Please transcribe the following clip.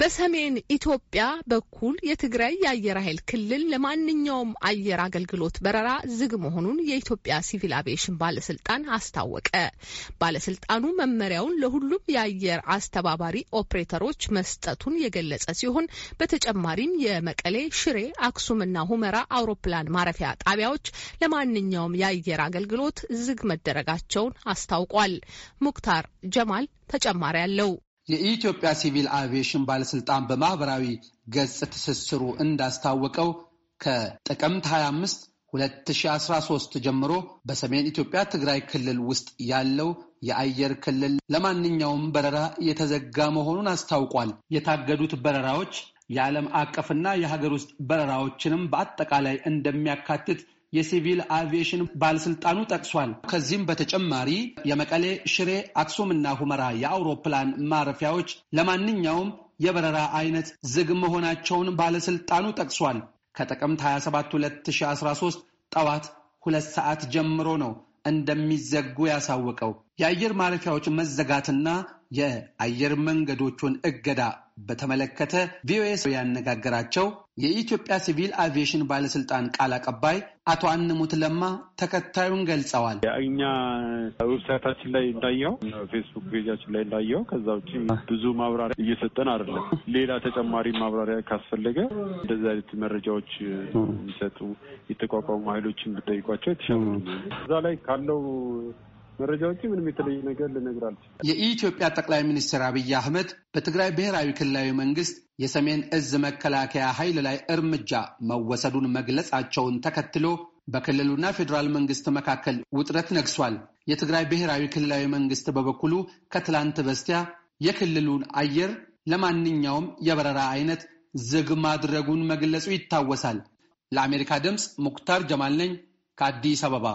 በሰሜን ኢትዮጵያ በኩል የትግራይ የአየር ኃይል ክልል ለማንኛውም አየር አገልግሎት በረራ ዝግ መሆኑን የኢትዮጵያ ሲቪል አቪዬሽን ባለስልጣን አስታወቀ። ባለስልጣኑ መመሪያውን ለሁሉም የአየር አስተባባሪ ኦፕሬተሮች መስጠቱን የገለጸ ሲሆን በተጨማሪም የመቀሌ፣ ሽሬ፣ አክሱምና ሁመራ አውሮፕላን ማረፊያ ጣቢያዎች ለማንኛውም የአየር አገልግሎት ዝግ መደረጋቸውን አስታውቋል። ሙክታር ጀማል ተጨማሪ አለው። የኢትዮጵያ ሲቪል አቪዬሽን ባለስልጣን በማህበራዊ ገጽ ትስስሩ እንዳስታወቀው ከጥቅምት 25 2013 ጀምሮ በሰሜን ኢትዮጵያ ትግራይ ክልል ውስጥ ያለው የአየር ክልል ለማንኛውም በረራ የተዘጋ መሆኑን አስታውቋል። የታገዱት በረራዎች የዓለም አቀፍና የሀገር ውስጥ በረራዎችንም በአጠቃላይ እንደሚያካትት የሲቪል አቪዬሽን ባለስልጣኑ ጠቅሷል። ከዚህም በተጨማሪ የመቀሌ፣ ሽሬ፣ አክሱም እና ሁመራ የአውሮፕላን ማረፊያዎች ለማንኛውም የበረራ አይነት ዝግ መሆናቸውን ባለስልጣኑ ጠቅሷል። ከጥቅምት 27 2013 ጠዋት ሁለት ሰዓት ጀምሮ ነው እንደሚዘጉ ያሳወቀው። የአየር ማረፊያዎች መዘጋትና የአየር መንገዶቹን እገዳ በተመለከተ ቪኦኤ ሰው ያነጋገራቸው የኢትዮጵያ ሲቪል አቪዬሽን ባለስልጣን ቃል አቀባይ አቶ አንሙት ለማ ተከታዩን ገልጸዋል። እኛ ዌብሳይታችን ላይ እንዳየው፣ ፌስቡክ ፔጃችን ላይ እንዳየው ከዛ ውጭ ብዙ ማብራሪያ እየሰጠን አይደለም። ሌላ ተጨማሪ ማብራሪያ ካስፈለገ እንደዚህ አይነት መረጃዎች የሚሰጡ የተቋቋሙ ኃይሎችን ብጠይቋቸው የተሻሉ እዛ ላይ ካለው መረጃዎች ምንም የተለየ ነገር ልነግር አልችል። የኢትዮጵያ ጠቅላይ ሚኒስትር አብይ አህመድ በትግራይ ብሔራዊ ክልላዊ መንግስት የሰሜን እዝ መከላከያ ኃይል ላይ እርምጃ መወሰዱን መግለጻቸውን ተከትሎ በክልሉና ፌዴራል መንግስት መካከል ውጥረት ነግሷል። የትግራይ ብሔራዊ ክልላዊ መንግስት በበኩሉ ከትላንት በስቲያ የክልሉን አየር ለማንኛውም የበረራ አይነት ዝግ ማድረጉን መግለጹ ይታወሳል። ለአሜሪካ ድምፅ ሙክታር ጀማል ነኝ ከአዲስ አበባ